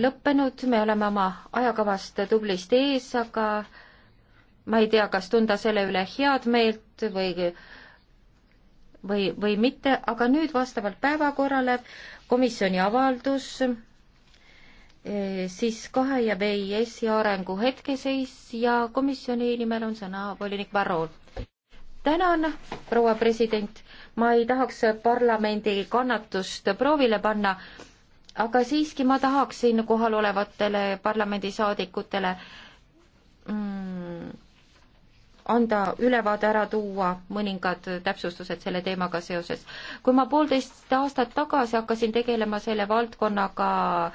lõppenud, me oleme oma ajakavast tublisti ees, aga ma ei tea, kas tunda selle üle head meelt või, või, või mitte, aga nüüd vastavalt päevakorrale komisjoni avaldus e, siis kahe ja VIS-i arengu hetkeseis ja komisjoni nimel on sõna volinik Varro. tänan, proua president, ma ei tahaks parlamendi kannatust proovile panna aga siiski ma tahaksin kohal olevatele parlamendisaadikutele mm, anda ülevaade ära tuua mõningad täpsustused selle teemaga seoses. kui ma poolteist aastat tagasi hakkasin tegelema selle valdkonnaga,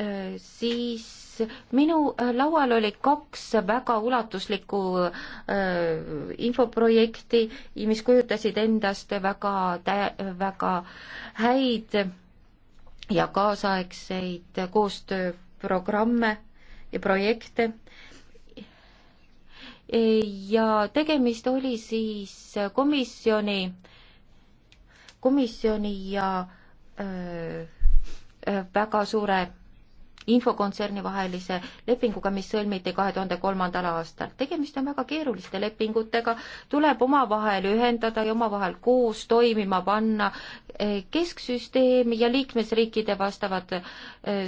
äh, siis minu äh, laual oli kaks väga ulatuslikku äh, infoprojekti, mis kujutasid endast väga, väga häid ja kaasaegseid koostööprogramme ja projekte. ja tegemist oli siis komisjoni, komisjoni ja öö, väga suure infokontserni vahelise lepinguga, mis sõlmiti kahe tuhande kolmandal aastal. tegemist on väga keeruliste lepingutega, tuleb omavahel ühendada ja omavahel koos toimima panna eh, kesksüsteem ja liikmesriikide vastavad eh,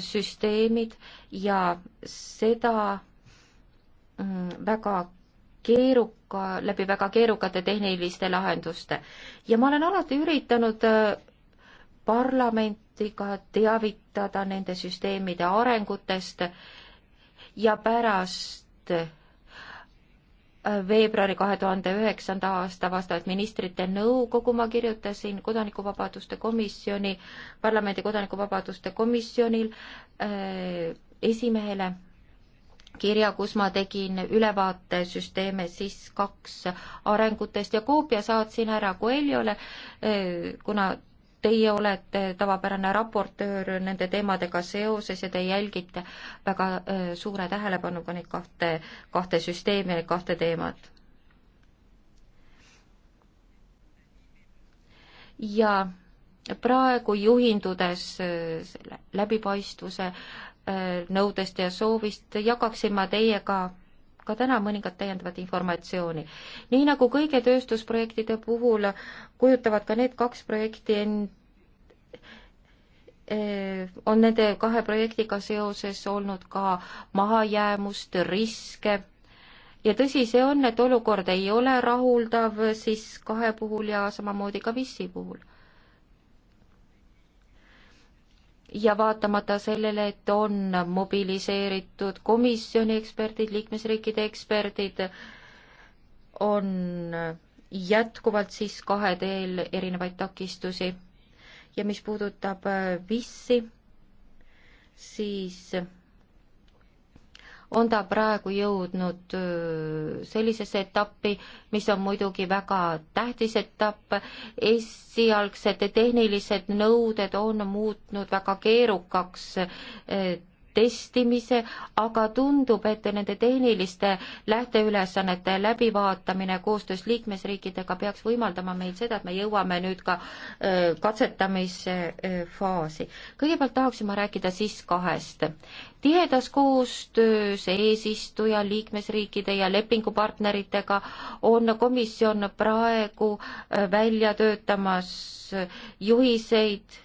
süsteemid ja seda mm, väga keeruka, läbi väga keerukate tehniliste lahenduste. ja ma olen alati üritanud eh, parlamenti ka teavitada nende süsteemide arengutest ja pärast äh, veebruari kahe tuhande üheksanda aasta vastavat ministrite nõukogu ma kirjutasin Kodanikuvabaduste komisjoni, parlamendi Kodanikuvabaduste komisjonil äh, esimehele kirja, kus ma tegin ülevaate süsteeme siis kaks arengutest ja koopia saatsin härra Coelhole, äh, kuna Teie olete tavapärane raportöör nende teemadega seoses ja te jälgite väga äh, suure tähelepanuga neid kahte, kahte süsteemi, neid kahte teemat. ja praegu juhindudes äh, selle läbipaistvuse äh, nõudest ja soovist jagaksin ma teiega ka täna mõningat täiendavat informatsiooni. nii nagu kõigi tööstusprojektide puhul, kujutavad ka need kaks projekti end Äh, on nende kahe projektiga seoses olnud ka mahajäämust, riske ja tõsi see on, et olukord ei ole rahuldav siis kahe puhul ja samamoodi ka Vissi puhul. ja vaatamata sellele, et on mobiliseeritud komisjoni eksperdid, liikmesriikide eksperdid, on jätkuvalt siis kahe teel erinevaid takistusi ja mis puudutab äh, VIS-i, siis on ta praegu jõudnud äh, sellisesse etappi, mis on muidugi väga tähtis etapp. esialgsed tehnilised nõuded on muutnud väga keerukaks äh, testimise, aga tundub, et nende tehniliste lähteülesannete läbivaatamine koostöös liikmesriikidega peaks võimaldama meil seda, et me jõuame nüüd ka öö, äh, katsetamise öö, äh, faasi. kõigepealt tahaksin ma rääkida siis kahest. tihedas koostöös eesistuja, liikmesriikide ja lepingupartneritega on komisjon praegu äh, välja töötamas juhiseid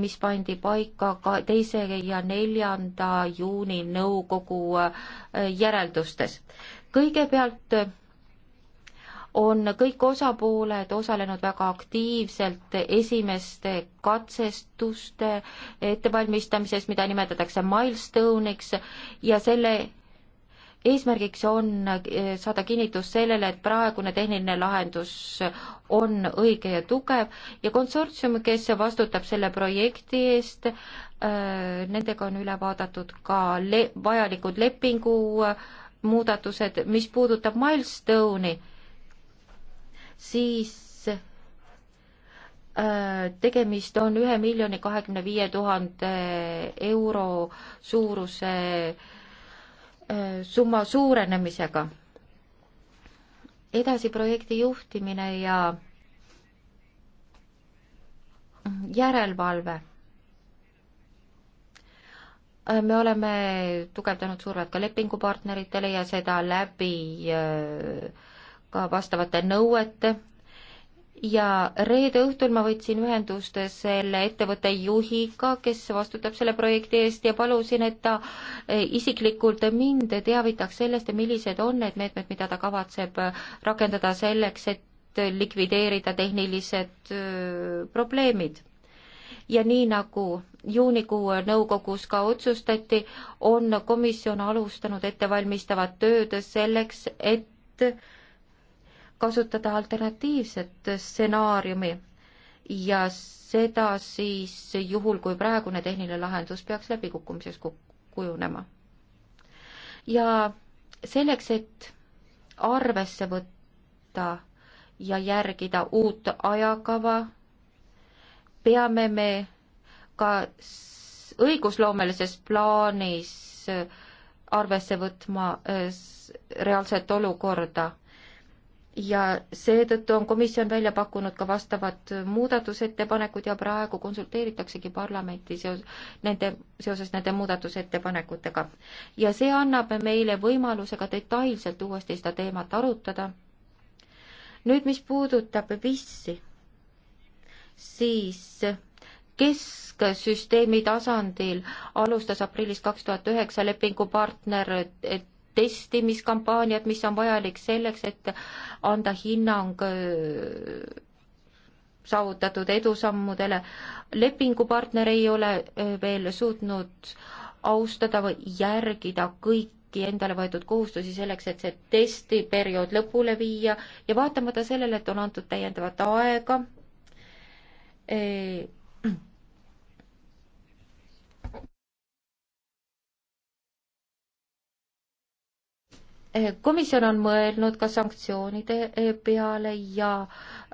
mis pandi paika ka teise ja neljanda juuni nõukogu äh, järeldustes. kõigepealt äh, on kõik osapooled osalenud väga aktiivselt esimeste katsestuste ettevalmistamises, mida nimetatakse milstoneiks ja selle eesmärgiks on eh, saada kinnitus sellele, et praegune tehniline lahendus on õige ja tugev ja konsortsium, kes vastutab selle projekti eest, eh, nendega on üle vaadatud ka le-, vajalikud lepingu eh, muudatused, mis puudutab milstone'i, siis tegemist on ühe miljoni kahekümne viie tuhande euro suuruse äh, summa suurenemisega. edasi projekti juhtimine ja järelevalve. me oleme tugevdanud survet ka lepingupartneritele ja seda läbi äh, ka vastavate nõuete ja reede õhtul ma võtsin ühendust selle ettevõtte juhiga, kes vastutab selle projekti eest ja palusin, et ta e, isiklikult mind teavitaks sellest, millised on need meetmed, mida ta kavatseb rakendada selleks, et likvideerida tehnilised e, probleemid ja nii nagu juunikuu nõukogus ka otsustati, on komisjon alustanud ettevalmistavat tööd selleks, et kasutada alternatiivset stsenaariumi ja seda siis juhul, kui praegune tehniline lahendus peaks läbikukkumiseks kujunema. ja selleks, et arvesse võtta ja järgida uut ajakava, peame me ka õigusloomelises plaanis arvesse võtma äh, reaalset olukorda ja seetõttu on komisjon välja pakkunud ka vastavad muudatusettepanekud ja praegu konsulteeritaksegi parlamenti seos, nende, seoses nende muudatusettepanekutega. ja see annab meile võimaluse ka detailselt uuesti seda teemat arutada. nüüd, mis puudutab VIS-i, siis kesksüsteemi tasandil alustas aprillis kaks tuhat üheksa lepingupartner testimiskampaaniat, mis on vajalik selleks, et anda hinnang äh, saavutatud edusammudele. lepingupartner ei ole äh, veel suutnud austada või järgida kõiki endale võetud kohustusi selleks, et see testiperiood lõpule viia ja vaatamata sellele, et on antud täiendavat aega eh,, Eh, komisjon on mõelnud ka sanktsioonide eh, peale ja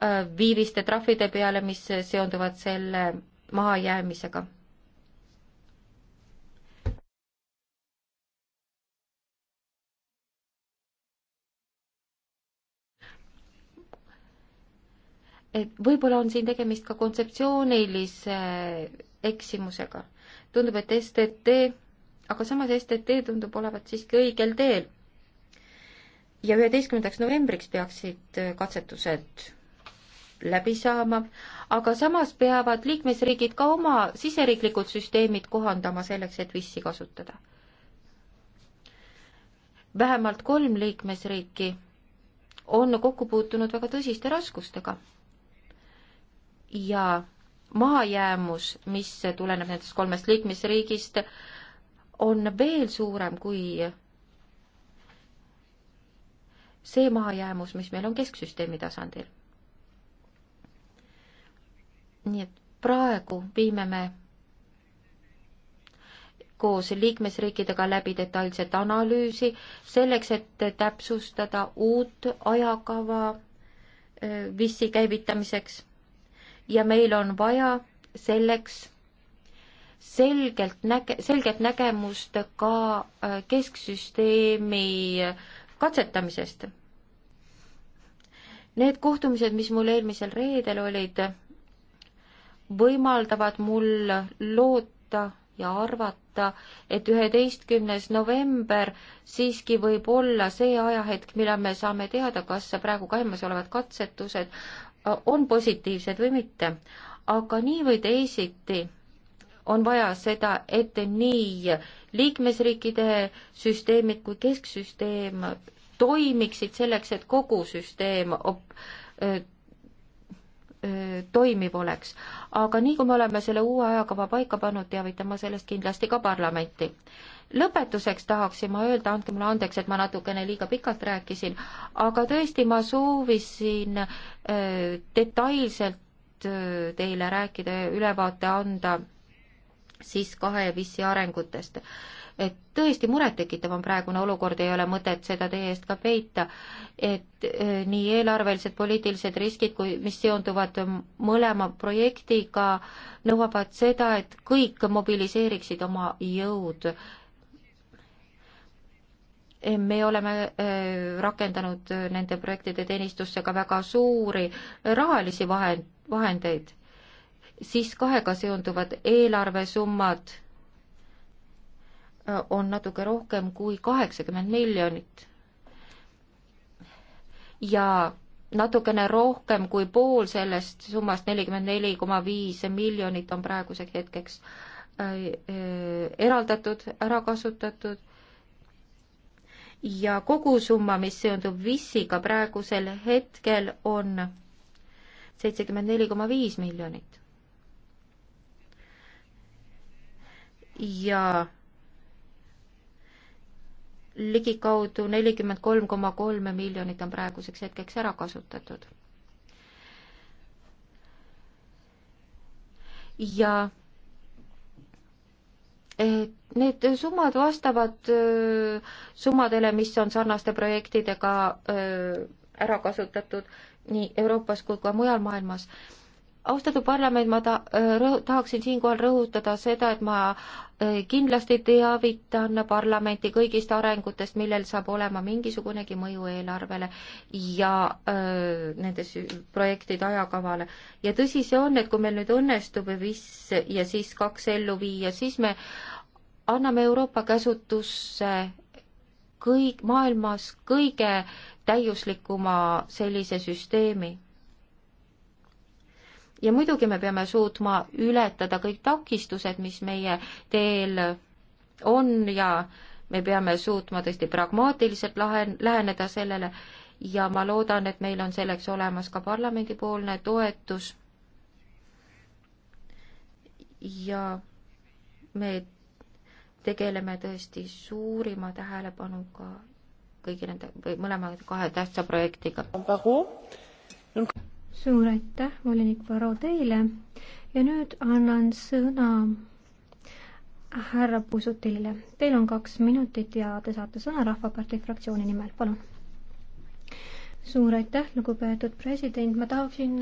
eh, viiviste trahvide peale, mis seonduvad selle mahajäämisega. et võib-olla on siin tegemist ka kontseptsioonilise eksimusega. tundub, et STT, aga samas STT tundub olevat siiski õigel teel ja üheteistkümnendaks novembriks peaksid äh, katsetused läbi saama, aga samas peavad liikmesriigid ka oma siseriiklikud süsteemid kohandama selleks, et VIS-i kasutada. vähemalt kolm liikmesriiki on kokku puutunud väga tõsiste raskustega. ja mahajäämus, mis tuleneb nendest kolmest liikmesriigist, on veel suurem kui see mahajäämus, mis meil on kesksüsteemi tasandil. nii et praegu viime me koos liikmesriikidega läbi detailset analüüsi selleks, et täpsustada uut ajakava VIS-i käivitamiseks ja meil on vaja selleks selgelt näge-, selget nägemust ka kesksüsteemi katsetamisest. Need kohtumised, mis mul eelmisel reedel olid, võimaldavad mul loota ja arvata, et üheteistkümnes november siiski võib olla see ajahetk, millal me saame teada, kas praegu käimas olevad katsetused äh, on positiivsed või mitte. aga nii või teisiti on vaja seda, et nii liikmesriikide süsteemid kui kesksüsteem toimiksid selleks, et kogu süsteem op-, öö, öö, toimiv oleks. aga nii, kui me oleme selle uue ajakava paika pannud, teavitame sellest kindlasti ka parlamenti. lõpetuseks tahaksin ma öelda, andke mulle andeks, et ma natukene liiga pikalt rääkisin, aga tõesti, ma soovisin öö, detailselt teile rääkida ja ülevaate anda siis kahe VIS-i arengutest et tõesti murettekitav on praegune olukord, ei ole mõtet seda teie eest ka peita, et äh, nii eelarvelised poliitilised riskid, kui, mis seonduvad mõlema projektiga, nõuavad seda, et kõik mobiliseeriksid oma jõud. me oleme äh, rakendanud nende projektide teenistusse ka väga suuri rahalisi vahend, vahendeid, siis kahega seonduvad eelarvesummad on natuke rohkem kui kaheksakümmend miljonit. ja natukene rohkem kui pool sellest summast, nelikümmend neli koma viis miljonit on praeguseks hetkeks äh, äh, eraldatud, ära kasutatud ja kogusumma, mis seondub VIS-iga praegusel hetkel, on seitsekümmend neli koma viis miljonit. ja ligikaudu nelikümmend kolm koma kolme miljonit on praeguseks hetkeks ära kasutatud. ja eh, need summad vastavad eh, summadele, mis on sarnaste projektidega eh, ära kasutatud nii Euroopas kui ka mujal maailmas austatud parlament, ma ta-, äh, rõhu-, tahaksin siinkohal rõhutada seda, et ma äh, kindlasti teavitan parlamenti kõigist arengutest, millel saab olema mingisugunegi mõju eelarvele ja öö, äh, nende projektide ajakavale. ja tõsi see on, et kui meil nüüd õnnestub VIS ja siis kaks ellu viia, siis me anname Euroopa käsutusse kõik, maailmas kõige täiuslikuma sellise süsteemi ja muidugi me peame suutma ületada kõik takistused, mis meie teel on ja me peame suutma tõesti pragmaatiliselt lahen-, läheneda sellele ja ma loodan, et meil on selleks olemas ka parlamendipoolne toetus ja me tegeleme tõesti suurima tähelepanuga kõigi nende või mõlema kahe tähtsa projektiga suur aitäh, volinik Varro teile ja nüüd annan sõna härra Pusutilile. Teil on kaks minutit ja te saate sõna Rahvapartei fraktsiooni nimel, palun. suur aitäh, lugupeetud president, ma tahaksin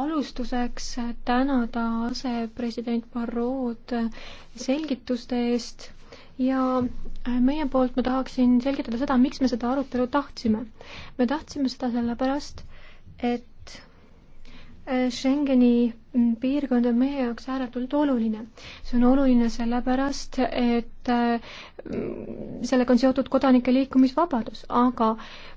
alustuseks tänada asepresident Barrot selgituste eest ja meie poolt ma tahaksin selgitada seda, miks me seda arutelu tahtsime. me tahtsime seda sellepärast, et äh, Schengeni mm, piirkond on meie jaoks ääretult oluline. see on oluline sellepärast, et äh, mm, sellega on seotud kodanike liikumisvabadus, aga äh,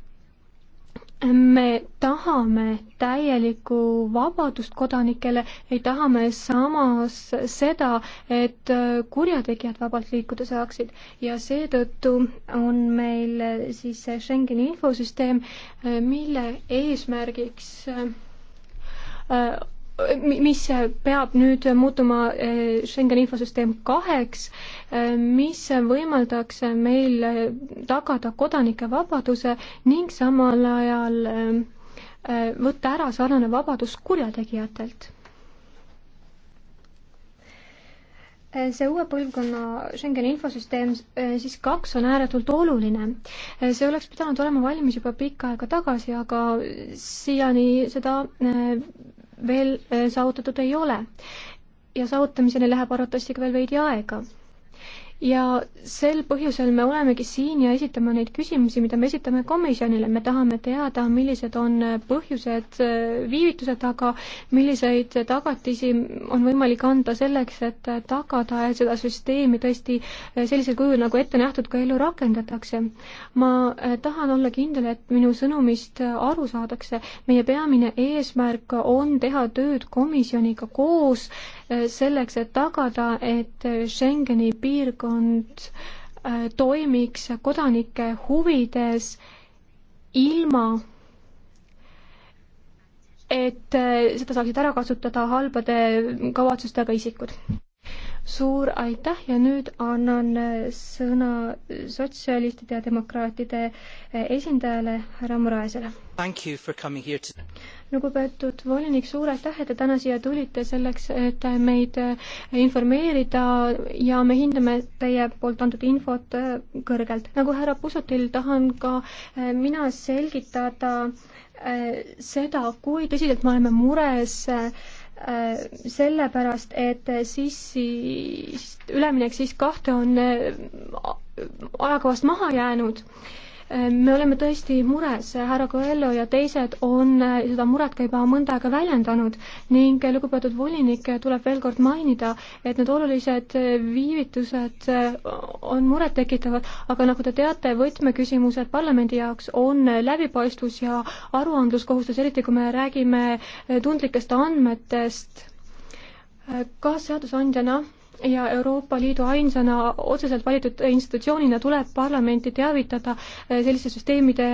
me tahame täielikku vabadust kodanikele, ei taha me samas seda, et äh, kurjategijad vabalt liikuda saaksid ja seetõttu on meil äh, siis see Schengeni infosüsteem, äh, mille eesmärgiks mis peab nüüd muutuma eh, Schengeni infosüsteem kaheks, eh, mis võimaldaks meil tagada kodanike vabaduse ning samal ajal eh, võtta ära sarnane vabadus kurjategijatelt. see uue põlvkonna Schengeni infosüsteem siis kaks on ääretult oluline. see oleks pidanud olema valmis juba pikka aega tagasi, aga siiani seda veel äh, saavutatud ei ole. ja saavutamiseni läheb arvatavasti ka veel veidi aega ja sel põhjusel me olemegi siin ja esitame neid küsimusi, mida me esitame komisjonile, me tahame teada, millised on põhjused äh, viivituse taga, milliseid tagatisi on võimalik anda selleks, et tagada, et seda süsteemi tõesti äh, sellisel kujul, nagu ette nähtud, ka ellu rakendatakse. ma äh, tahan olla kindel, et minu sõnumist aru saadakse, meie peamine eesmärk on teha tööd komisjoniga koos, selleks, et tagada, et Schengeni piirkond äh, toimiks kodanike huvides ilma et äh, seda saaksid ära kasutada halbade kavatsustega isikud suur aitäh ja nüüd annan sõna sotsialistide ja demokraatide esindajale härra Moraesele. lugupeetud volinik, suur aitäh, et te täna siia tulite selleks, et meid informeerida ja me hindame teie poolt antud infot kõrgelt. nagu härra Pusutil tahan ka eh, mina selgitada eh, seda, kui tõsiselt me oleme mures äh, Äh, sellepärast, et sissi, üleminek siis kahte on äh, ajakavast maha jäänud me oleme tõesti mures, härra Coelho ja teised on seda muret ka juba mõnda aega väljendanud ning lugupeetud volinik, tuleb veel kord mainida, et need olulised viivitused on murettekitavad, aga nagu te teate, võtmeküsimused parlamendi jaoks on läbipaistvus ja aruandluskohustus, eriti kui me räägime tundlikest andmetest. kas seadusandjana ja Euroopa Liidu ainsana otseselt valitud institutsioonina tuleb parlamenti teavitada eh, selliste süsteemide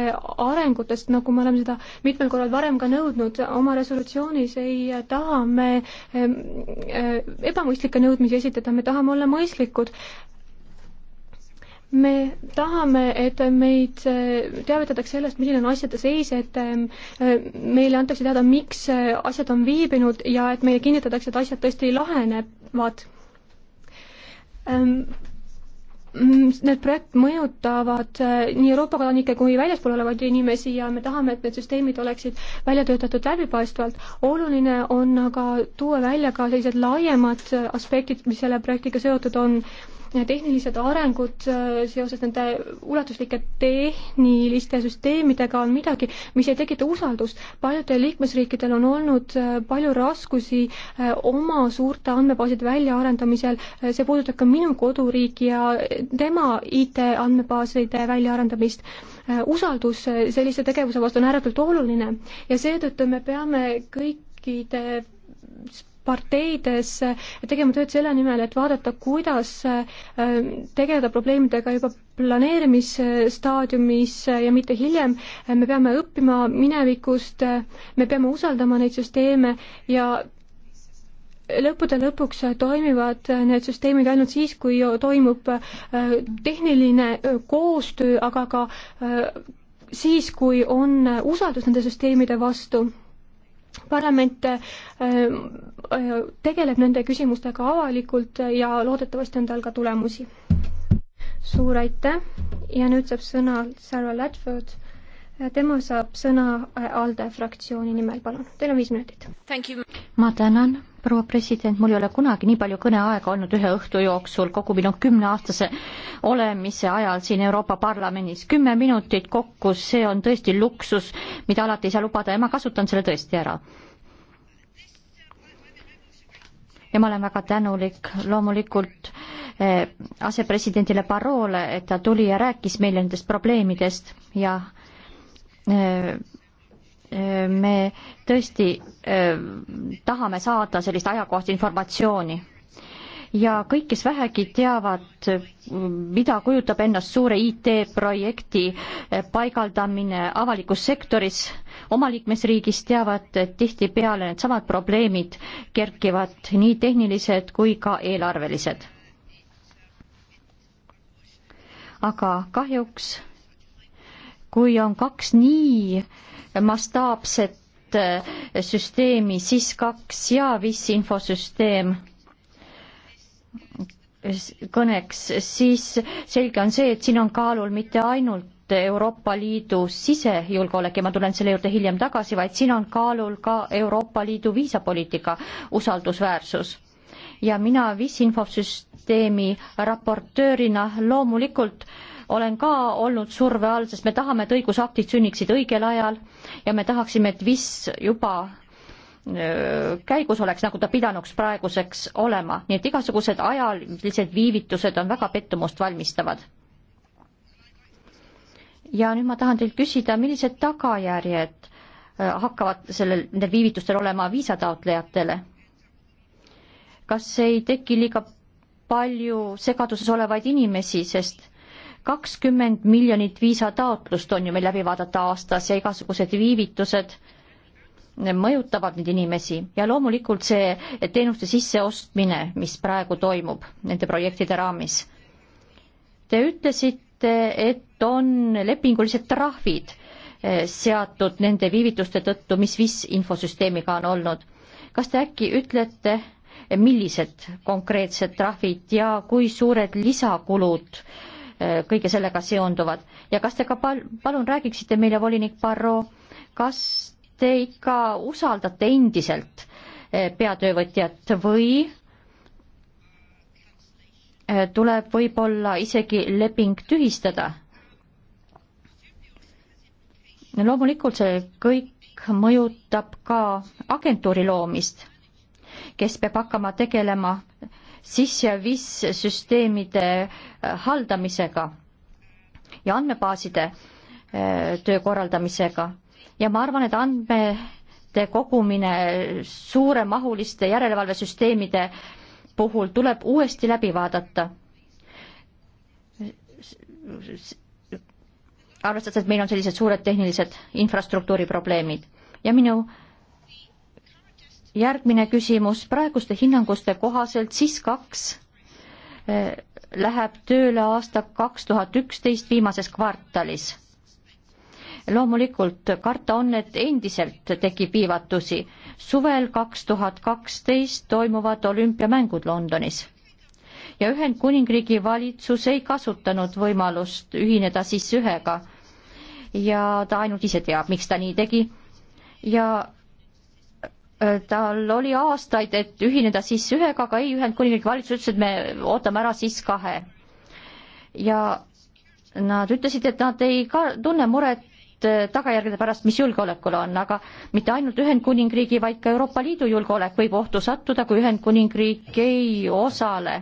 arengutest, nagu me oleme seda mitmel korral varem ka nõudnud. oma resolutsioonis ei taha me ehm, eh, ebamõistlikke nõudmisi esitada, me tahame olla mõistlikud me tahame, et meid eh, teavitatakse sellest, milline on asjade seis, et ehm, meile antakse teada, miks asjad on viibinud ja et meile kinnitatakse, et asjad tõesti lahenevad Ehm, mm, need projekt mõjutavad eh, nii Euroopa kodanikke kui väljaspool olevaid inimesi ja me tahame, et need süsteemid oleksid välja töötatud läbipaistvalt. oluline on aga tuua välja ka sellised laiemad eh, aspektid, mis selle projektiga seotud on tehnilised arengud äh, seoses nende ulatuslike tehniliste süsteemidega on midagi, mis ei tekita usaldust. paljudel liikmesriikidel on olnud äh, palju raskusi äh, oma suurte andmebaaside väljaarendamisel, see puudutab ka minu koduriiki ja tema IT-andmebaaside väljaarendamist. usaldus sellise tegevuse vastu on ääretult oluline ja seetõttu me peame kõikide parteides tegema tööd selle nimel, et vaadata, kuidas äh, tegeleda probleemidega juba planeerimisstaadiumis ja mitte hiljem, me peame õppima minevikust, me peame usaldama neid süsteeme ja lõppude lõpuks toimivad need süsteemid ainult siis, kui toimub äh, tehniline äh, koostöö, aga ka siis, kui on usaldus nende süsteemide vastu parlament äh, äh, tegeleb nende küsimustega avalikult ja loodetavasti on tal ka tulemusi. suur aitäh ja nüüd saab sõna Sarah Ladford tema saab sõna äh, ALDE fraktsiooni nimel, palun, teil on viis minutit. ma tänan, proua president, mul ei ole kunagi nii palju kõneaega olnud ühe õhtu jooksul kogu minu kümneaastase olemise ajal siin Euroopa Parlamendis. kümme minutit kokku, see on tõesti luksus, mida alati ei saa lubada ja ma kasutan selle tõesti ära. ja ma olen väga tänulik loomulikult äh, asepresidendile Barrole, et ta tuli ja rääkis meile nendest probleemidest ja me tõesti e, tahame saada sellist ajakohast informatsiooni ja kõik, kes vähegi teavad, mida kujutab endast suure IT-projekti e, paigaldamine avalikus sektoris, oma liikmesriigis teavad, et tihtipeale needsamad probleemid kerkivad nii tehnilised kui ka eelarvelised. aga kahjuks kui on kaks nii mastaapset eh, süsteemi, siis kaks ja viis infosüsteem kõneks, siis selge on see, et siin on kaalul mitte ainult Euroopa Liidu sisejulgeolek ja ma tulen selle juurde hiljem tagasi, vaid siin on kaalul ka Euroopa Liidu viisapoliitika usaldusväärsus. ja mina viisinfosüsteemi raportöörina loomulikult äh, olen ka olnud surve all, sest me tahame, et õigusaktid sünniksid õigel ajal ja me tahaksime, et VIS juba käigus oleks, nagu ta pidanuks praeguseks olema, nii et igasugused ajalised viivitused on väga pettumust valmistavad. ja nüüd ma tahan teilt küsida, millised tagajärjed hakkavad sellel, nendel viivitustel olema viisataotlejatele? kas ei teki liiga palju segaduses olevaid inimesi, sest kakskümmend miljonit viisataotlust on ju meil läbi vaadata aastas ja igasugused viivitused mõjutavad neid inimesi ja loomulikult see teenuste sisseostmine, mis praegu toimub nende projektide raamis. Te ütlesite, et on lepingulised trahvid eh, seatud nende viivituste tõttu, mis VIS infosüsteemiga on olnud. kas te äkki ütlete, millised konkreetsed trahvid ja kui suured lisakulud äh, kõige sellega seonduvad ja kas te ka pal-, palun räägiksite meile, volinik Barro, kas te ikka usaldate endiselt eh, peatöövõtjat või eh, tuleb võib-olla isegi leping tühistada? loomulikult see kõik mõjutab ka agentuuri loomist, kes peab hakkama tegelema SIS ja VIS süsteemide äh, haldamisega ja andmebaaside äh, töö korraldamisega ja ma arvan, et andmete kogumine suuremahuliste järelevalvesüsteemide puhul tuleb uuesti läbi vaadata. arvestades, et meil on sellised suured tehnilised infrastruktuuri probleemid ja minu järgmine küsimus, praeguste hinnanguste kohaselt siis kaks eh, läheb tööle aasta kaks tuhat üksteist viimases kvartalis. loomulikult karta on, et endiselt tekib viivatusi. suvel kaks tuhat kaksteist toimuvad olümpiamängud Londonis ja Ühendkuningriigi valitsus ei kasutanud võimalust ühineda siis ühega. ja ta ainult ise teab, miks ta nii tegi. ja tal oli aastaid, et ühineda siis ühega, aga ei, Ühendkuningriigi valitsus ütles, et me ootame ära siis kahe. ja nad ütlesid, et nad ei ka tunne muret äh, tagajärgede pärast, mis julgeolekul on, aga mitte ainult Ühendkuningriigi, vaid ka Euroopa Liidu julgeolek võib ohtu sattuda, kui Ühendkuningriik ei osale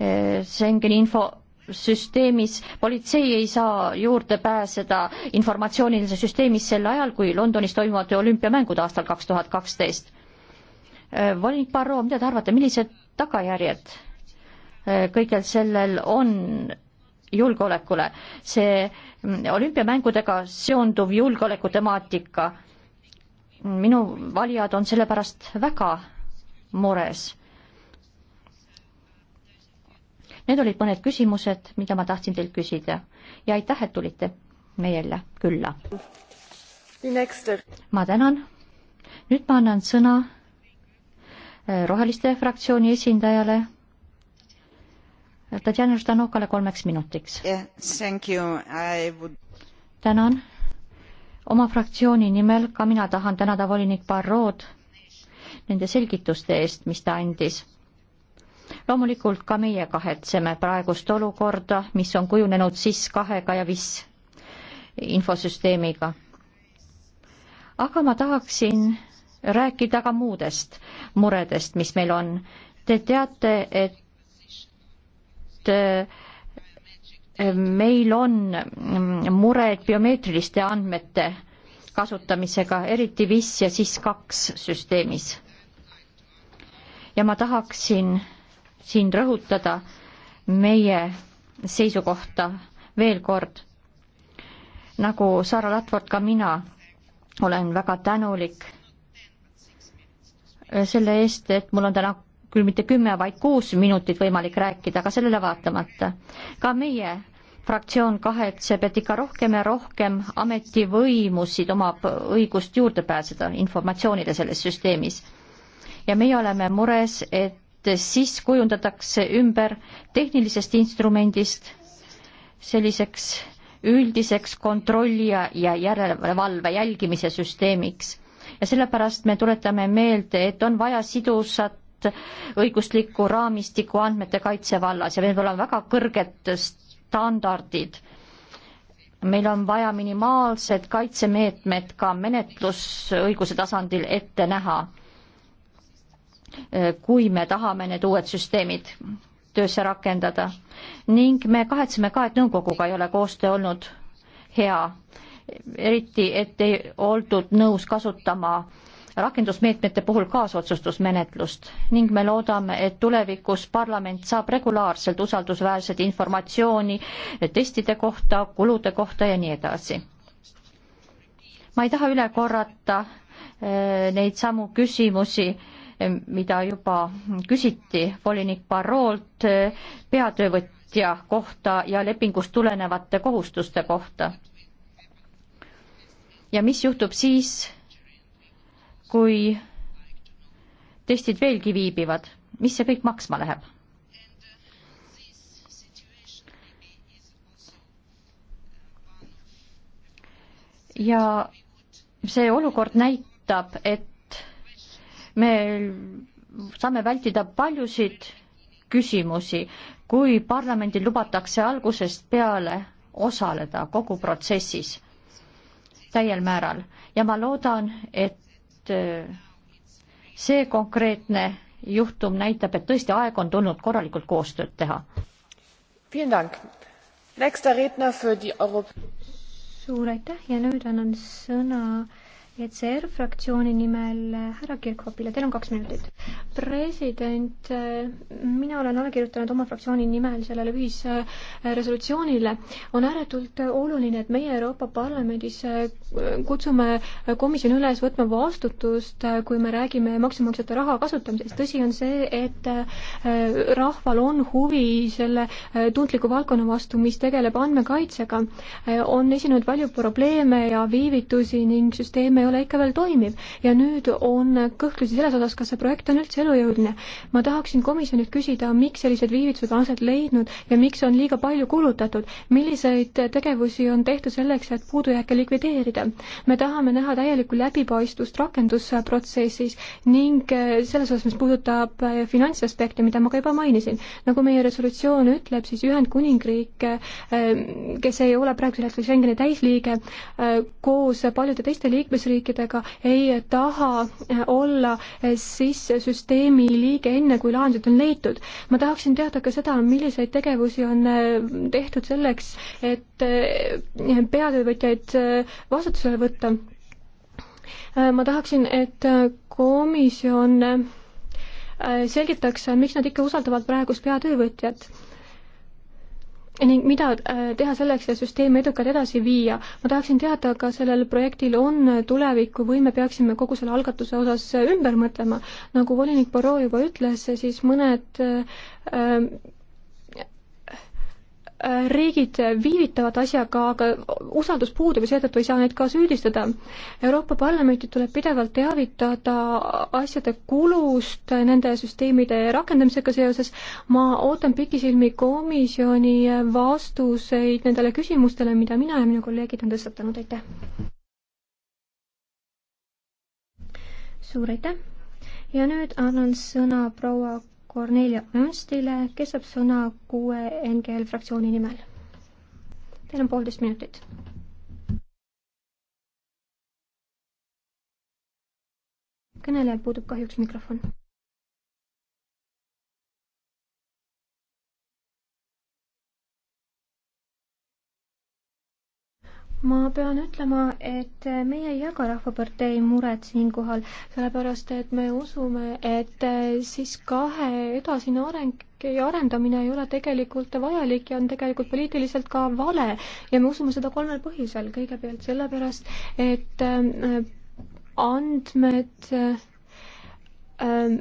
äh, Schengeni info süsteemis, politsei ei saa juurde pääseda informatsioonilise süsteemi sel ajal, kui Londonis toimuvad olümpiamängud aastal kaks tuhat kaksteist. volinik Barro, mida te arvate, millised tagajärjed eh, kõigel sellel on julgeolekule? see mm, olümpiamängudega seonduv julgeolekutemaatika, mm, minu valijad on selle pärast väga mures Need olid mõned küsimused, mida ma tahtsin teilt küsida ja aitäh, et tulite meile külla. ma tänan. nüüd ma annan sõna äh, Roheliste fraktsiooni esindajale äh, Tatjana Ždanokale kolmeks minutiks yeah,. Would... tänan. oma fraktsiooni nimel ka mina tahan tänada volinik Barrod nende selgituste eest, mis ta andis loomulikult ka meie kahetseme praegust olukorda, mis on kujunenud SIS kahega ja VIS infosüsteemiga. aga ma tahaksin rääkida ka muudest muredest, mis meil on. Te teate, et äh, meil on mm, mured biomeetriliste andmete kasutamisega, eriti VIS ja SIS kaks süsteemis. ja ma tahaksin siin rõhutada meie seisukohta veel kord. nagu Sara Latvort, ka mina olen väga tänulik selle eest, et mul on täna küll mitte kümme, vaid kuus minutit võimalik rääkida, aga sellele vaatamata. ka meie fraktsioon kahetseb, et ikka rohkem ja rohkem ametivõimusid omab õigust juurde pääseda informatsioonile selles süsteemis. ja meie oleme mures, et siis kujundatakse ümber tehnilisest instrumendist selliseks üldiseks kontrolli ja, ja järelevalve jälgimise süsteemiks. ja sellepärast me tuletame meelde, et on vaja sidusat õiguslikku raamistikku andmete kaitse vallas ja meil peab olema väga kõrged standardid. meil on vaja minimaalsed kaitsemeetmed ka menetlusõiguse tasandil ette näha Eh, kui me tahame need uued süsteemid töösse rakendada. ning me kahetseme ka, et nõukoguga ei ole koostöö olnud hea, eriti et ei oldud nõus kasutama rakendusmeetmete puhul kaasotsustusmenetlust ning me loodame, et tulevikus parlament saab regulaarselt usaldusväärset informatsiooni testide kohta, kulude kohta ja nii edasi. ma ei taha üle korrata eh, neid samu küsimusi mida juba küsiti volinik Barrolt eh, peatöövõtja kohta ja lepingust tulenevate kohustuste kohta. ja mis juhtub siis, kui testid veelgi viibivad, mis see kõik maksma läheb? ja see olukord näitab, et me saame vältida paljusid küsimusi, kui parlamendil lubatakse algusest peale osaleda kogu protsessis täiel määral ja ma loodan, et äh, see konkreetne juhtum näitab, et tõesti aeg on tulnud korralikult koostööd teha. suur aitäh ja nüüd annan sõna ECR fraktsiooni nimel äh, härra Kirkhopile, teil on kaks minutit. president, äh, mina olen alla kirjutanud oma fraktsiooni nimel sellele ühisresolutsioonile. on ääretult oluline, et meie Euroopa Parlamendis äh, kutsume komisjoni üles võtma vastutust, kui me räägime maksumaksjate raha kasutamisest. tõsi on see, et rahval on huvi selle tundliku valdkonna vastu, mis tegeleb andmekaitsega. on esinenud palju probleeme ja viivitusi ning süsteeme ei ole ikka veel toimiv ja nüüd on kõhklusi selles osas, kas see projekt on üldse elujõudne. ma tahaksin komisjonilt küsida, miks sellised viivitused on aset leidnud ja miks on liiga palju kulutatud, milliseid tegevusi on tehtud selleks, et puudujääke likvideerida. me tahame näha täielikku läbipaistvust rakendusprotsessis ning selles osas, mis puudutab finantsaspekte, mida ma ka juba mainisin. nagu meie resolutsioon ütleb, siis Ühendkuningriik, kes ei ole praegusel hetkel Schengeni täisliige, koos paljude teiste liikmesriikidega, liikmesriikidega ei taha olla sisse süsteemi liige enne, kui lahendused on leitud. ma tahaksin teada ka seda, milliseid tegevusi on tehtud selleks, et peatöövõtjaid vastutusele võtta. ma tahaksin, et komisjon selgitaks, miks nad ikka usaldavad praegust peatöövõtjat ning mida äh, teha selleks, et süsteemi edukalt edasi viia. ma tahaksin teada, kas sellel projektil on tulevikku või me peaksime kogu selle algatuse osas ümber mõtlema. nagu volinik Barrot juba ütles, siis mõned äh, riigid viivitavad asjaga, aga usaldus puudub ja seetõttu ei saa neid ka süüdistada. Euroopa Parlamenti tuleb pidevalt teavitada asjade kulust nende süsteemide rakendamisega seoses. ma ootan pikisilmi komisjoni vastuseid nendele küsimustele, mida mina ja minu kolleegid on tõstatanud, aitäh! suur aitäh! ja nüüd annan sõna proua Kornelia Ernstile, kes saab sõna kuue NGL fraktsiooni nimel. Teil on poolteist minutit. kõnelejal puudub kahjuks mikrofon ma pean ütlema, et meie ei jaga Rahvapartei muret siinkohal, sellepärast et me usume, et siis kahe edasine areng ja arendamine ei ole tegelikult vajalik ja on tegelikult poliitiliselt ka vale ja me usume seda kolmel põhjusel, kõigepealt sellepärast, et äh, andmed Ähm,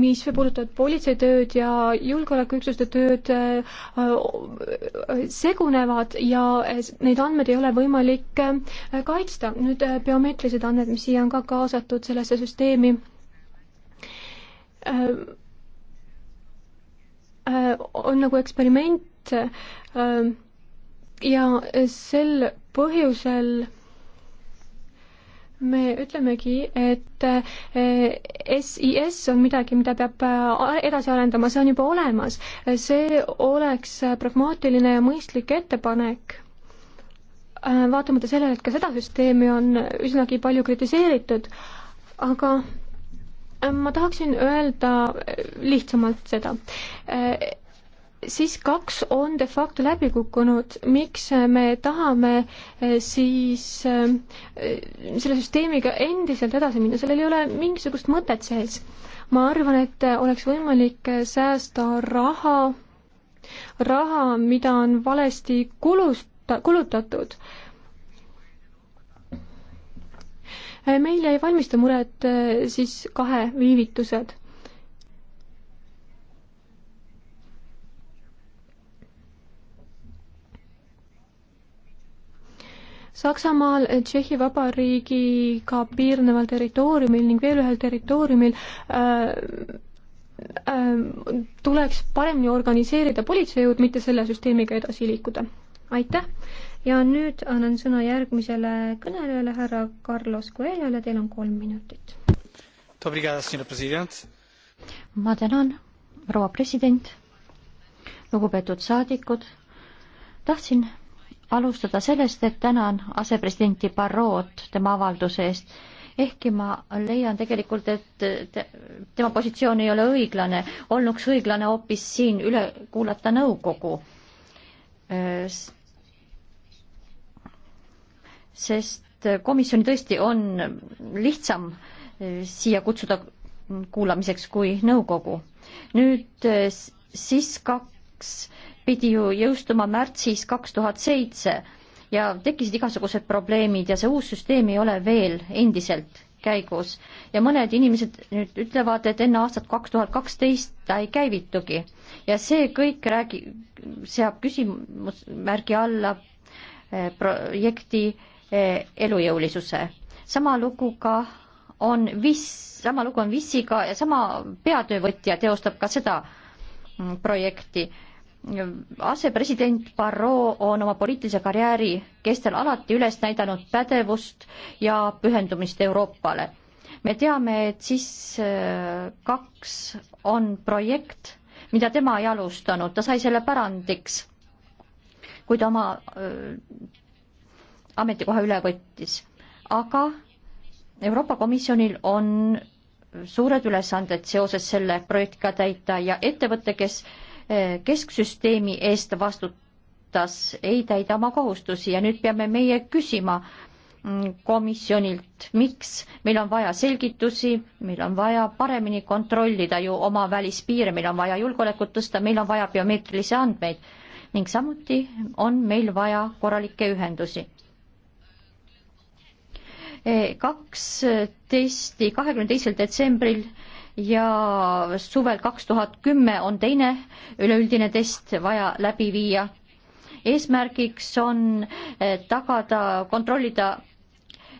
mis puudutavad politseitööd ja julgeolekuüksuste tööd, äh, äh, segunevad ja neid andmeid ei ole võimalik äh, kaitsta. nüüd biomeetrilised andmed, mis siia on ka kaasatud sellesse süsteemi, on nagu eksperiment ja sel põhjusel me ütlemegi, et SIS eh, on midagi, mida peab eh, edasi arendama, see on juba olemas. see oleks pragmaatiline ja mõistlik ettepanek, eh, vaatamata sellele, et ka seda süsteemi on üsnagi palju kritiseeritud, aga ma tahaksin öelda lihtsamalt seda siis kaks on de facto läbi kukkunud, miks me tahame eh, siis eh, selle süsteemiga endiselt edasi minna, sellel ei ole mingisugust mõtet sees. ma arvan, et oleks võimalik säästa raha, raha, mida on valesti kulusta, kulutatud. Eh, meile ei valmista muret siis kahe viivitused Saksamaal, Tšehhi Vabariigiga piirneval territooriumil ning veel ühel territooriumil äh, äh, tuleks paremini organiseerida politseijõud, mitte selle süsteemiga edasi liikuda. aitäh ja nüüd annan sõna järgmisele kõnelejale, härra Carlos Coelhole, teil on kolm minutit. ma tänan, proua president, lugupeetud saadikud, tahtsin alustada sellest, et tänan asepresidenti Barrot tema avalduse eest. ehkki ma leian tegelikult, et tema positsioon ei ole õiglane, olnuks õiglane hoopis siin üle kuulata nõukogu. sest komisjoni tõesti on lihtsam siia kutsuda kuulamiseks kui nõukogu. nüüd siis kaks pidi ju jõustuma märtsis kaks tuhat seitse ja tekkisid igasugused probleemid ja see uus süsteem ei ole veel endiselt käigus ja mõned inimesed nüüd ütlevad, et enne aastat kaks tuhat kaksteist ta ei käivitugi ja see kõik räägi-, seab küsimusmärgi alla eh, projekti eh, elujõulisuse. sama lugu ka on VIS, sama lugu on VIS-iga ja sama peatöövõtja teostab ka seda mm, projekti asepresident Barrot on oma poliitilise karjääri kestel alati üles näidanud pädevust ja pühendumist Euroopale. me teame, et siis äh, kaks on projekt, mida tema ei alustanud, ta sai selle pärandiks, kui ta oma äh, ametikoha üle võttis. aga Euroopa Komisjonil on suured ülesanded seoses selle projektiga täita ja ettevõte, kes äh, Eh, kesksüsteemi eest vastutas, ei täida oma kohustusi ja nüüd peame meie küsima mm, komisjonilt, miks meil on vaja selgitusi, meil on vaja paremini kontrollida ju oma välispiire, meil on vaja julgeolekut tõsta, meil on vaja biomeetrilisi andmeid ning samuti on meil vaja korralikke ühendusi eh, kaks testi kahekümne teisel detsembril ja suvel kaks tuhat kümme on teine üleüldine test vaja läbi viia. eesmärgiks on eh, tagada, kontrollida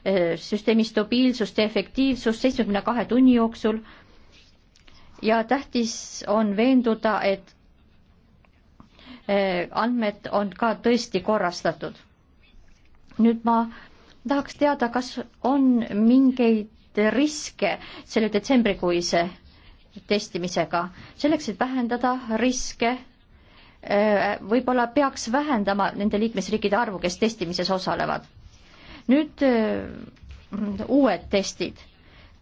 eh, süsteemi stabiilsust ja efektiivsust seitsmekümne kahe tunni jooksul ja tähtis on veenduda, et eh, andmed on ka tõesti korrastatud. nüüd ma tahaks teada, kas on mingeid riske selle detsembrikuise testimisega. selleks, et vähendada riske, äh, võib-olla peaks vähendama nende liikmesriikide arvu, kes testimises osalevad. nüüd äh, uued testid.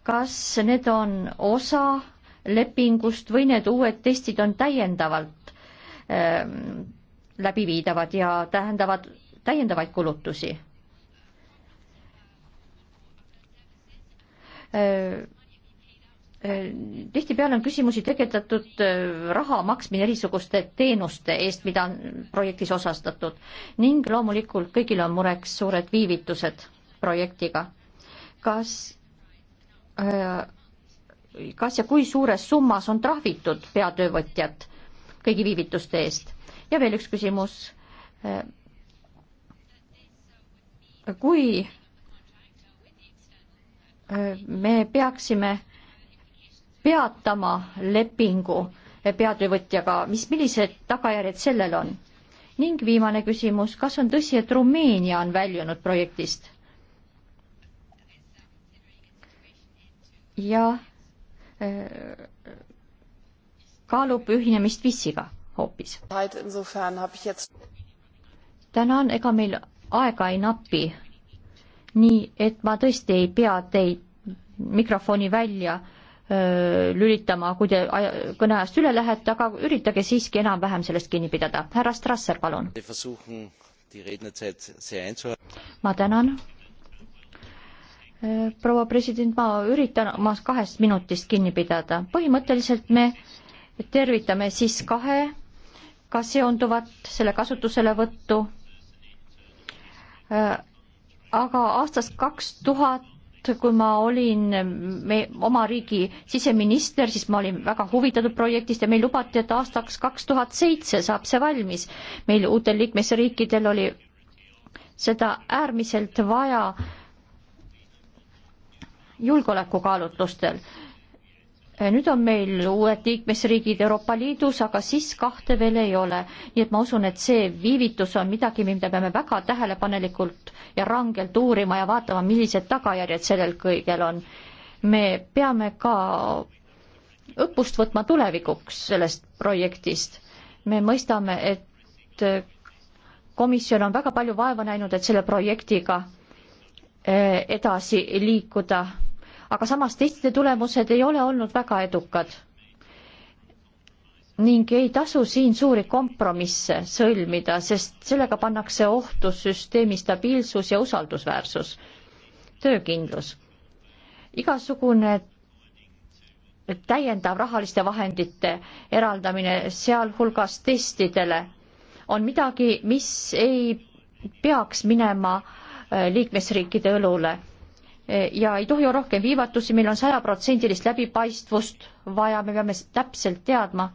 kas need on osa lepingust või need uued testid on täiendavalt äh, läbiviidavad ja tähendavad täiendavaid kulutusi? Äh, äh, tihtipeale on küsimusi tekitatud äh, raha maksmine erisuguste teenuste eest, mida on projektis osastatud ning loomulikult kõigil on mureks suured viivitused projektiga. kas, kas ja kui suures summas on trahvitud peatöövõtjat kõigi viivituste eest? ja veel üks küsimus. kui me peaksime peatama lepingu peatöövõtjaga, mis, millised tagajärjed sellel on? ning viimane küsimus, kas on tõsi, et Rumeenia on väljunud projektist? ja äh, kaalub ühinemist VIS-iga hoopis. tänan, ega meil aega ei napi nii et ma tõesti ei pea teid mikrofoni välja öö, lülitama, kui te kõneajast üle lähete, aga üritage siiski enam-vähem sellest kinni pidada. härra Strasser, palun. ma tänan. proua president, ma üritan oma kahest minutist kinni pidada. põhimõtteliselt me tervitame siis kahe ka seonduvat selle kasutuselevõttu aga aastast kaks tuhat kui ma olin me, oma riigi siseminister, siis ma olin väga huvitatud projektist ja meil lubati, et aastaks kaks tuhat seitse saab see valmis. meil uutel liikmesriikidel oli seda äärmiselt vaja julgeolekukaalutlustel Eh, nüüd on meil uued liikmesriigid Euroopa Liidus, aga siis kahte veel ei ole. nii et ma usun, et see viivitus on midagi, mida peame väga tähelepanelikult ja rangelt uurima ja vaatama, millised tagajärjed sellel kõigel on. me peame ka õppust võtma tulevikuks sellest projektist. me mõistame, et komisjon on väga palju vaeva näinud, et selle projektiga eh, edasi liikuda aga samas testide tulemused ei ole olnud väga edukad. ning ei tasu siin suuri kompromisse sõlmida, sest sellega pannakse ohtu süsteemi stabiilsus ja usaldusväärsus, töökindlus. igasugune täiendav rahaliste vahendite eraldamine, sealhulgas testidele, on midagi, mis ei peaks minema äh, liikmesriikide õlule ja ei tohi olla rohkem viivatusi, meil on sajaprotsendilist läbipaistvust vaja, me peame täpselt teadma,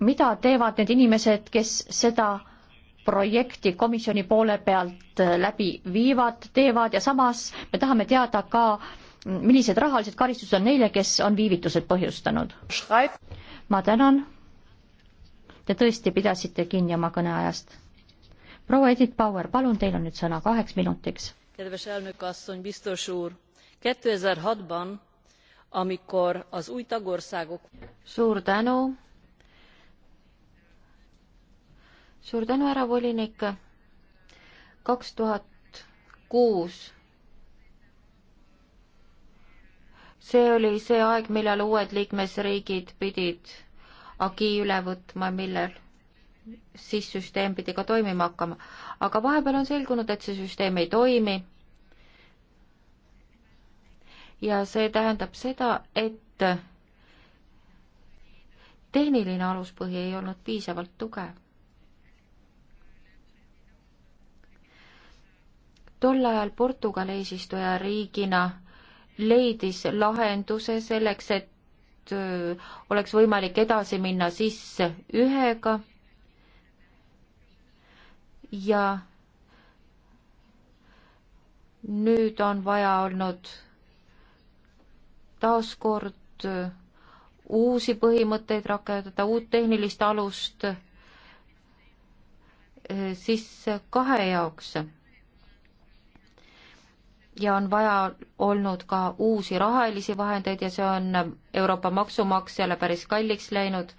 mida teevad need inimesed, kes seda projekti komisjoni poole pealt läbi viivad, teevad ja samas me tahame teada ka, millised rahalised karistused on neile, kes on viivitused põhjustanud. ma tänan. Te tõesti pidasite kinni oma kõneajast proua Edith Bauer, palun, teil on nüüd sõna kaheks minutiks. kedves elnökasszony, biztos úr, ban amikor az új tagországok. suur tänu. suur tänu, härra volinik. kaks tuhat kuus see oli see aeg, millal uued liikmesriigid pidid agi üle võtma, millel siis süsteem pidi ka toimima hakkama. aga vahepeal on selgunud, et see süsteem ei toimi. ja see tähendab seda, et tehniline aluspõhi ei olnud piisavalt tugev. tol ajal Portugal eesistuja riigina leidis lahenduse selleks, et äh, oleks võimalik edasi minna siis ühega ja nüüd on vaja olnud taaskord äh, uusi põhimõtteid rakendada, uut tehnilist alust äh, siis kahe jaoks. ja on vaja olnud ka uusi rahalisi vahendeid ja see on Euroopa maksumaksjale päris kalliks läinud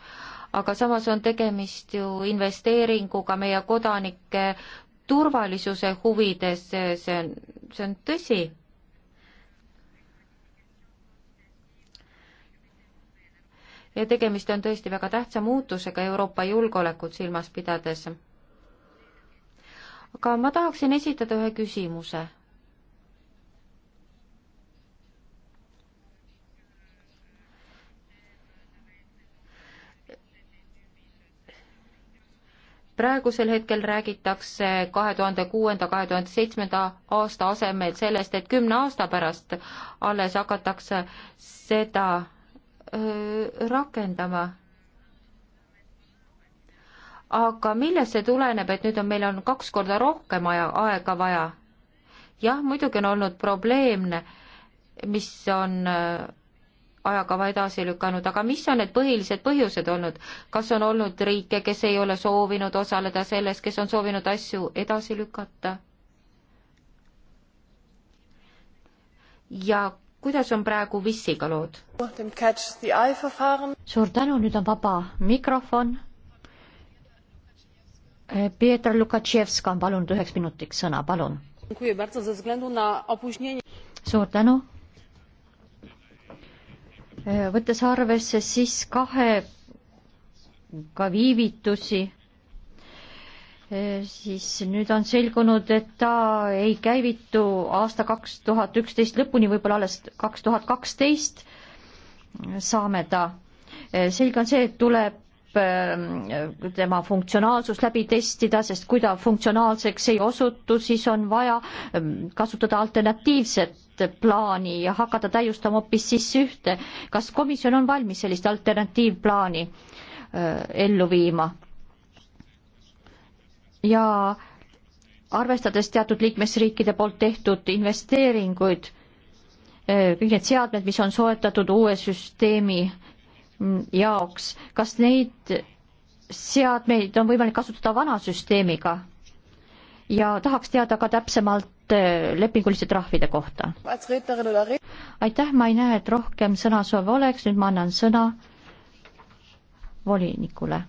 aga samas on tegemist ju investeeringuga meie kodanike turvalisuse huvides, see on, see on tõsi. ja tegemist on tõesti väga tähtsa muutusega Euroopa julgeolekut silmas pidades. aga ma tahaksin esitada ühe küsimuse praegusel hetkel räägitakse kahe tuhande kuuenda, kahe tuhande seitsmenda aasta asemel sellest, et kümne aasta pärast alles hakatakse seda öö, rakendama. aga millest see tuleneb, et nüüd on, meil on kaks korda rohkem aja, aega vaja? jah, muidugi on olnud probleemne, mis on öö, ajakava edasi lükanud, aga mis on need põhilised põhjused olnud? kas on olnud riike, kes ei ole soovinud osaleda selles, kes on soovinud asju edasi lükata? ja kuidas on praegu Wissiga lood? suur tänu, nüüd on vaba mikrofon. Pieter Lukatševska on palunud üheks minutiks sõna, palun. suur tänu Äh, võttes arvesse siis kahe ka viivitusi, äh, siis nüüd on selgunud, et ta ei käivitu aasta kaks tuhat üksteist lõpuni, võib-olla alles kaks tuhat kaksteist saame ta. Äh, selge on see, et tuleb tema funktsionaalsus läbi testida, sest kui ta funktsionaalseks ei osutu, siis on vaja ähm, kasutada alternatiivset plaani ja hakata täiustama hoopis siis ühte. kas komisjon on valmis sellist alternatiivplaani äh, ellu viima? ja arvestades teatud liikmesriikide poolt tehtud investeeringuid, äh, kõik need seadmed, mis on soetatud uue süsteemi mm, jaoks, kas neid seadmeid on võimalik kasutada vana süsteemiga? ja tahaks teada ka täpsemalt, lepinguliste trahvide kohta. aitäh, ma ei näe, et rohkem sõnasoove oleks, nüüd ma annan sõna volinikule.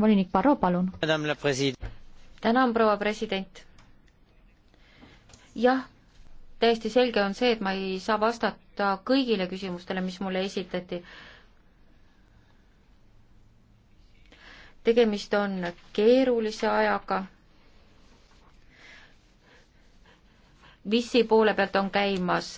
volinik Varro, palun. tänan, proua president. jah, täiesti selge on see, et ma ei saa vastata kõigile küsimustele, mis mulle esitati tegemist on keerulise ajaga WIS-i poole pealt on käimas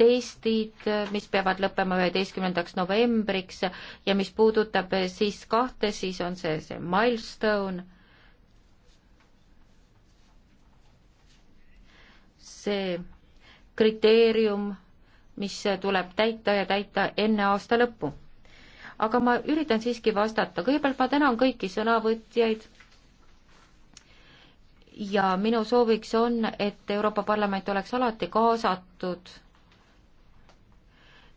testid, mis peavad lõppema üheteistkümnendaks novembriks ja mis puudutab siis kahte, siis on see see milstone. see kriteerium, mis tuleb täita ja täita enne aasta lõppu. aga ma üritan siiski vastata, kõigepealt ma tänan kõiki sõnavõtjaid ja minu sooviks on, et Euroopa Parlament oleks alati kaasatud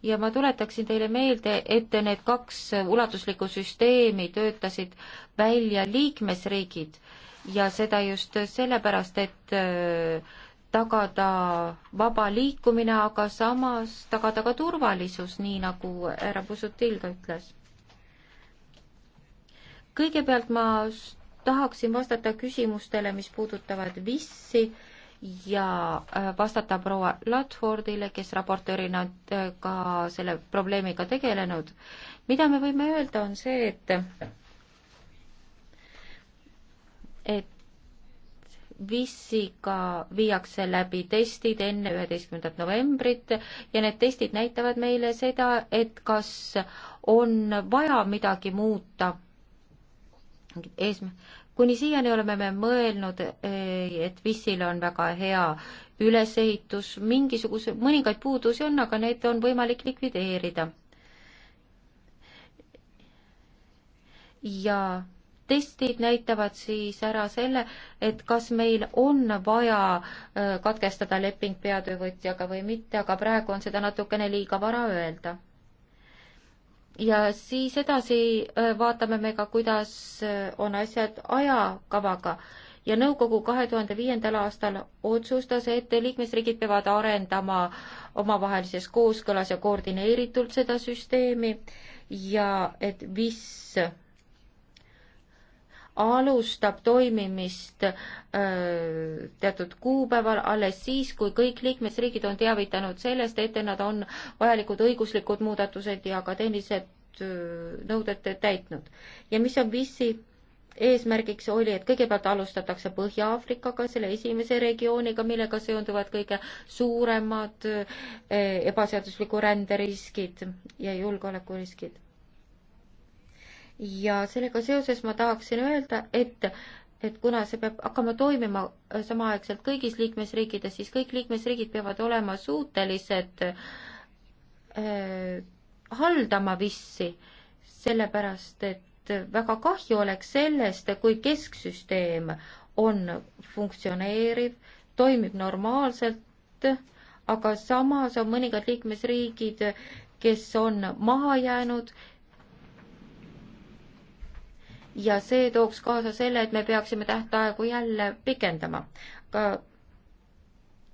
ja ma tuletaksin teile meelde, et need kaks ulatuslikku süsteemi töötasid välja liikmesriigid ja seda just sellepärast, et äh, tagada vaba liikumine, aga samas tagada ka turvalisus, nii nagu härra Pusutil ka ütles. kõigepealt ma tahaksin vastata küsimustele, mis puudutavad VIS-i ja äh, vastata proua Ladfordile, kes raportöörina on äh, ka selle probleemiga tegelenud. mida me võime öelda, on see, et et VIS-iga viiakse läbi testid enne üheteistkümnendat novembrit ja need testid näitavad meile seda, et kas on vaja midagi muuta eesmärk, kuni siiani oleme me mõelnud, et VIS-il on väga hea ülesehitus, mingisuguse, mõningaid puudusi on, aga need on võimalik likvideerida. ja testid näitavad siis ära selle, et kas meil on vaja äh, katkestada leping peatöövõtjaga või mitte, aga praegu on seda natukene liiga vara öelda ja siis edasi äh, vaatame me ka, kuidas äh, on asjad ajakavaga ja nõukogu kahe tuhande viiendal aastal otsustas, et liikmesriigid peavad arendama omavahelises kooskõlas ja koordineeritult seda süsteemi ja et VIS alustab toimimist öö, äh, teatud kuupäeval alles siis, kui kõik liikmesriigid on teavitanud sellest, et nad on vajalikud õiguslikud muudatused ja ka tehnilised äh, nõuded täitnud. ja mis on VIS-i eesmärgiks oli, et kõigepealt alustatakse Põhja-Aafrikaga, selle esimese regiooniga, millega seonduvad kõige suuremad äh, ebaseadusliku rände riskid ja julgeolekuriskid ja sellega seoses ma tahaksin öelda, et et kuna see peab hakkama toimima äh, samaaegselt kõigis liikmesriikides, siis kõik liikmesriigid peavad olema suutelised äh, haldama VIS-i, sellepärast et väga kahju oleks sellest, kui kesksüsteem on funktsioneeriv, toimib normaalselt, aga samas on mõningad liikmesriigid, kes on maha jäänud ja see tooks kaasa selle, et me peaksime tähtaegu jälle pikendama. ka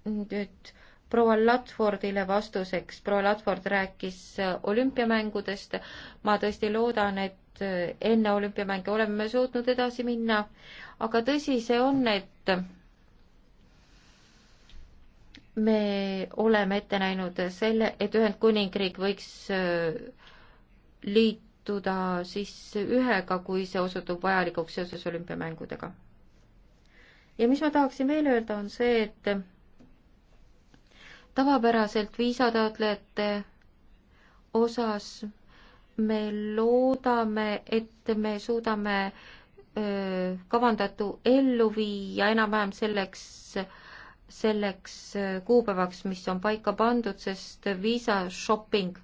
nüüd proua Latfordile vastuseks, proua Latford rääkis olümpiamängudest, ma tõesti loodan, et enne olümpiamänge oleme me suutnud edasi minna, aga tõsi see on, et me oleme ette näinud selle, et Ühendkuningriik võiks äh, liit-, liituda siis ühega, kui see osutub vajalikuks seoses olümpiamängudega. ja mis ma tahaksin veel öelda, on see, et tavapäraselt viisataotlejate osas me loodame, et me suudame öö, kavandatu ellu viia enam-vähem selleks öö, selleks kuupäevaks, mis on paika pandud, sest viisa shopping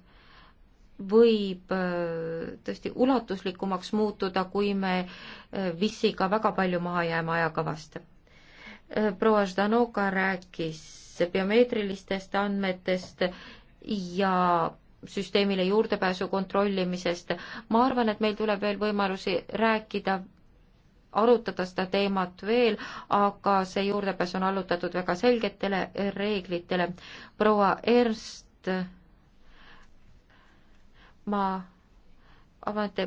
võib äh, tõesti ulatuslikumaks muutuda, kui me äh, VIS-iga väga palju maha jääme ajakavast. Äh, proua Ždanoka rääkis biomeetrilistest andmetest ja süsteemile juurdepääsu kontrollimisest. ma arvan, et meil tuleb veel võimalusi rääkida arutada seda teemat veel, aga see juurdepääs on allutatud väga selgetele reeglitele. proua Ernst ma arvan, et te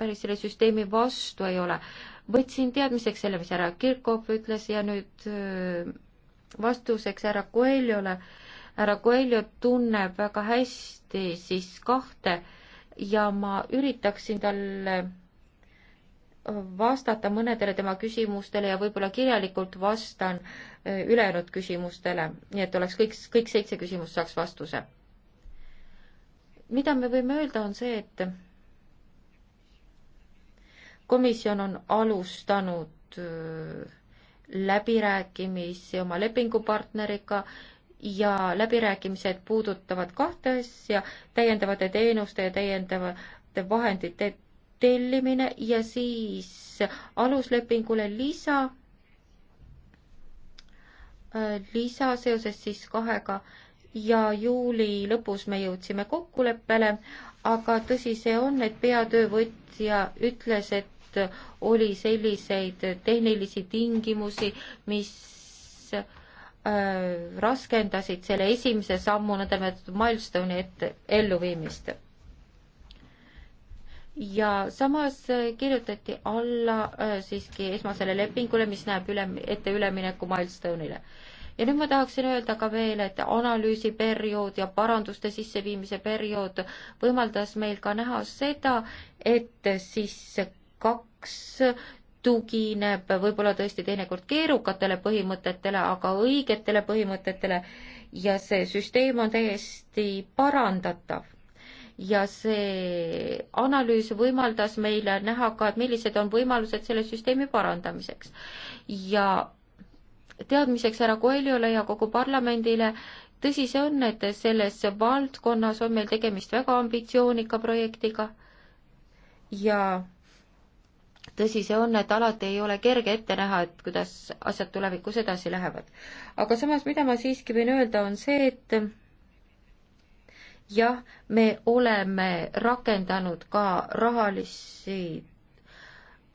päris selle süsteemi vastu ei ole. võtsin teadmiseks selle, mis härra Kirkov ütles ja nüüd äh, vastuseks härra Coelhole. härra Coelho tunneb väga hästi siis kahte ja ma üritaksin talle vastata mõnedele tema küsimustele ja võib-olla kirjalikult vastan äh, ülejäänud küsimustele, nii et oleks kõik, kõik seitse küsimust saaks vastuse mida me võime öelda, on see, et komisjon on alustanud äh, läbirääkimisi oma lepingupartneriga ja läbirääkimised puudutavad kahte asja, täiendavate teenuste ja täiendavate vahendite tellimine ja siis aluslepingule lisa, äh, lisa seoses siis kahega äh, ja juuli lõpus me jõudsime kokkuleppele, aga tõsi see on, et peatöövõtja ütles, et oli selliseid tehnilisi tingimusi, mis äh, raskendasid selle esimese sammu nõndanimetatud milstonei ette elluviimist ja samas kirjutati alla äh, siiski esmasele lepingule, mis näeb üle, ette ülemineku milstonile ja nüüd ma tahaksin öelda ka veel, et analüüsiperiood ja paranduste sisseviimise periood võimaldas meil ka näha seda, et siis kaks tugineb võib-olla tõesti teinekord keerukatele põhimõtetele, aga õigetele põhimõtetele ja see süsteem on täiesti parandatav. ja see analüüs võimaldas meile näha ka, et millised on võimalused selle süsteemi parandamiseks. ja teadmiseks härra Koeljole ja kogu parlamendile, tõsi see on, et selles valdkonnas on meil tegemist väga ambitsioonika projektiga ja tõsi see on, et alati ei ole kerge ette näha, et kuidas asjad tulevikus edasi lähevad. aga samas, mida ma siiski võin öelda, on see, et jah, me oleme rakendanud ka rahalisi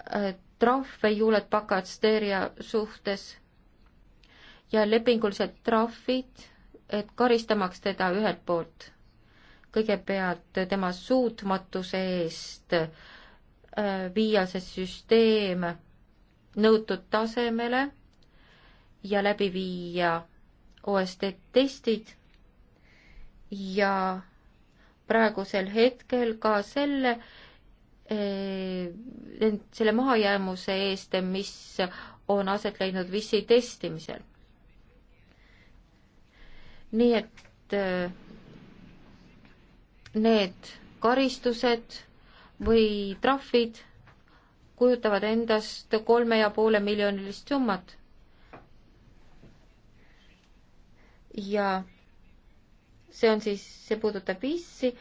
äh, trahve Juulet Pakatsteeria suhtes ja lepingulised trahvid, et karistamaks teda ühelt poolt kõigepealt tema suutmatuse eest äh, viia see süsteem nõutud tasemele ja läbi viia OSD testid ja praegusel hetkel ka selle, äh, selle mahajäämuse eest, mis on aset leidnud VISi testimisel nii et äh, need karistused või trahvid kujutavad endast kolme ja poole miljonilist summat. ja see on siis, see puudutab issi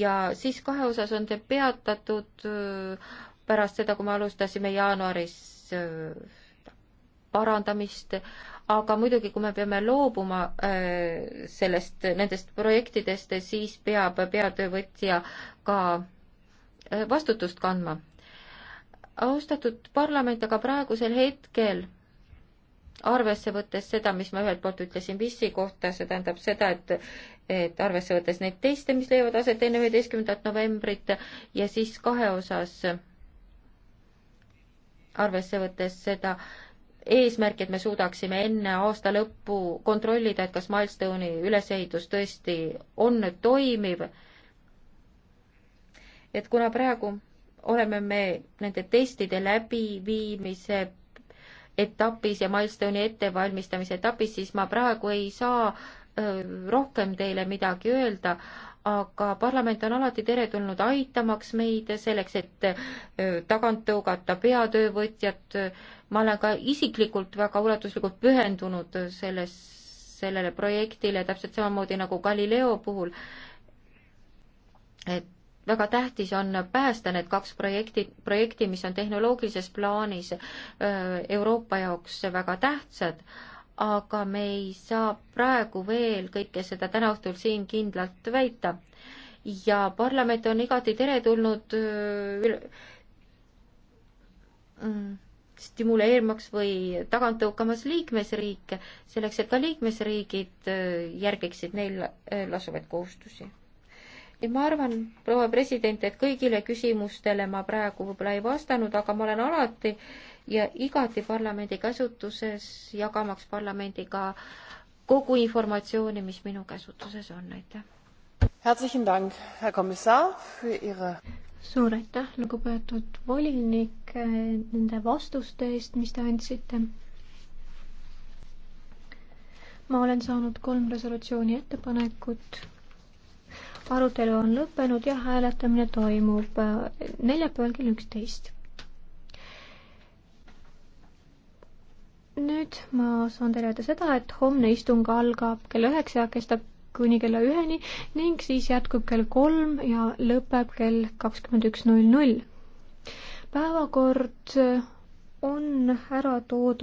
ja siis kahe osas on see peatatud äh, pärast seda, kui me alustasime jaanuaris äh, parandamist, aga muidugi, kui me peame loobuma äh, sellest, nendest projektidest, siis peab peatöövõtja ka äh, vastutust kandma. austatud parlament, aga praegusel hetkel arvesse võttes seda, mis ma ühelt poolt ütlesin VIS-i kohta, see tähendab seda, et et arvesse võttes neid teste, mis leiavad aset enne üheteistkümnendat novembrit ja siis kahe osas arvesse võttes seda, eesmärk, et me suudaksime enne aasta lõppu kontrollida, et kas Milestone'i ülesehitus tõesti on nüüd toimiv. et kuna praegu oleme me nende testide läbiviimise etapis ja Milestone'i ettevalmistamise etapis, siis ma praegu ei saa rohkem teile midagi öelda, aga parlament on alati teretulnud aitamaks meid selleks, et tagant tõugata peatöövõtjat. ma olen ka isiklikult väga ulatuslikult pühendunud selles, sellele projektile, täpselt samamoodi nagu Galileo puhul. et väga tähtis on päästa need kaks projekti, projekti, mis on tehnoloogilises plaanis Euroopa jaoks väga tähtsad aga me ei saa praegu veel kõike seda täna õhtul siin kindlalt väita. ja parlament on igati teretulnud äh, mm, stimuleerimaks või tagant tõukamas liikmesriike, selleks et ka liikmesriigid äh, järgiksid neil äh, lasuvaid kohustusi. et ma arvan, proua president, et kõigile küsimustele ma praegu võib-olla ei vastanud, aga ma olen alati äh, ja igati parlamendi käsutuses, jagamaks parlamendiga kogu informatsiooni, mis minu käsutuses on, aitäh. suur aitäh, lugupeetud volinik, eh, nende vastuste eest, mis te andsite ma olen saanud kolm resolutsiooni ettepanekut. arutelu on lõppenud ja hääletamine toimub eh, neljapäeval kell üksteist nüüd ma saan teile öelda seda, et homne istung algab kell üheksa ja kestab kuni kella üheni ning siis jätkub kell kolm ja lõpeb kell kakskümmend üks null null. päevakord on ära toodud